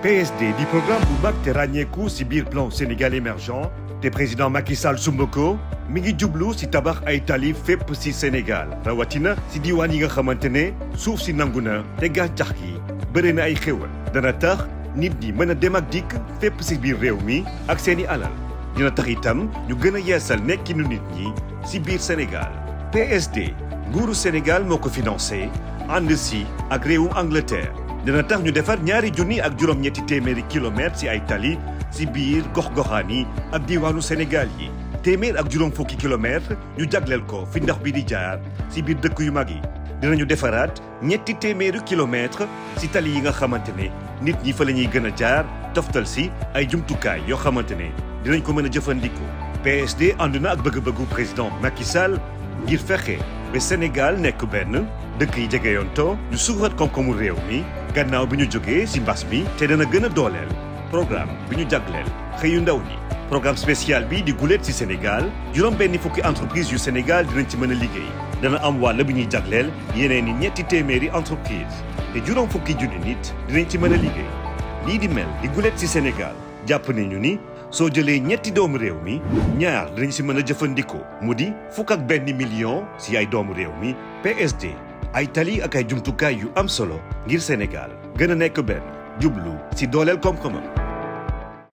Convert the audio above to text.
PSD di programme bu mag te ràññeeku si biir plan Sénégal émergent te président Macky Sall sumb mi ngi jublu si tabax ay tali fépp si Sénégal rawatina si diiwaan yi nga xamante ne suuf si nangu na te gàncax gi bëri na ay xéwal dana tax nit ñi mën a dem ak dikk fépp si biir réew mi ak seeni alal dina tax itam ñu gën a yeesal nekkinu nit ñi si biir Sénégal PSD nguuru Sénégal moo ko financé ànd si ak réewum dina tax ñu defar ñaari junni ak juróom-ñetti téeméeri kilomètres ci ay tali ci biir gox-goxaan yi ak diiwaanu Sénégal yi téeméer ak juróom fukki kilomètres ñu jagleel ko fi ndox bi di jaar ci biir dëkk yu mag yi dinañu defaraat ñetti téeméeri kilomètres ci tali yi nga xamante ni nit ñi fa la ñuy gën a jaar toftal ci ay jumtukaay yoo xamante ne dinañ ko mën a jëfandikoo PSD ànd na ak bëgg-bëggu président Macky Sall ngir fexe ba Sénégal nekk benn dëkk yi jege yoon to ñu suuxat koom réew mi gannaaw bi ñu jógee si mbas bi te dana gën a dooleel programme bi ñu jagleel xëyu ndaw ñi programme spécial bi di guléet si Sénégal juróom benni fukki entreprise yu Sénégal dinañ ci mën a liggéey dana am wàll bi ñuy jagleel yeneen ni ñetti téeméeri entreprise te juróom fukki junni nit dinañ ci mën a liggéey lii di mel di guléet ci Sénégal jàpp ñu ni soo jëlee ñetti doomu réew mi ñaar dinañ si mën a jëfandikoo mu di fukk ak benn million si ay doomu réew mi PSD ay tali ak ay jumtukaay yu am solo ngir Sénégal gën a nekk benn jublu si dooleel koom-koomam